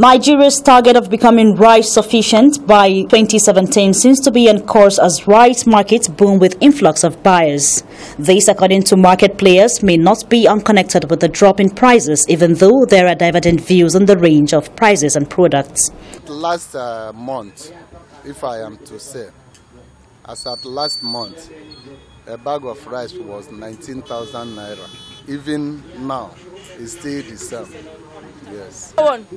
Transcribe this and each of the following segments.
Nigeria's target of becoming rice sufficient by 2017 seems to be on course as rice markets boom with influx of buyers. This, according to market players, may not be unconnected with the drop in prices, even though there are divergent views on the range of prices and products. Last uh, month, if I am to say, as at last month, a bag of rice was 19,000 naira. Even now, is still the same. Yes. 400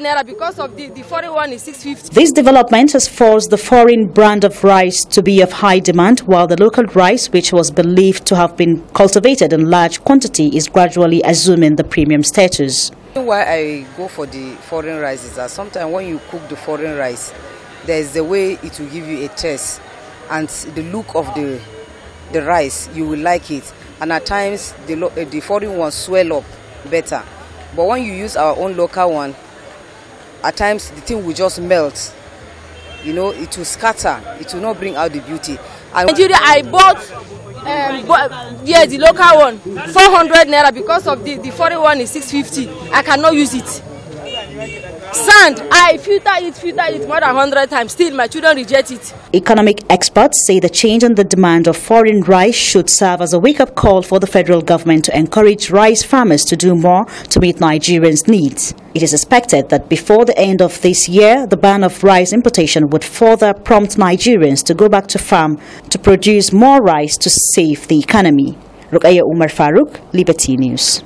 naira because of the, the foreign one is 650. This development has forced the foreign brand of rice to be of high demand while the local rice, which was believed to have been cultivated in large quantity, is gradually assuming the premium status. Why I go for the foreign rice is that sometimes when you cook the foreign rice, there is a way it will give you a taste and the look of the the rice you will like it and at times the lo- eh, the foreign ones swell up better but when you use our own local one at times the thing will just melt you know it will scatter it will not bring out the beauty. And Nigeria I bought um, but, yeah the local one four hundred naira because of the the foreign one is six fifty I cannot use it. Sand, I filter it, filter it more than 100 times. Still, my children reject it. Economic experts say the change in the demand of foreign rice should serve as a wake up call for the federal government to encourage rice farmers to do more to meet Nigerians' needs. It is expected that before the end of this year, the ban of rice importation would further prompt Nigerians to go back to farm to produce more rice to save the economy. Rukaya Umar Farouk, Liberty News.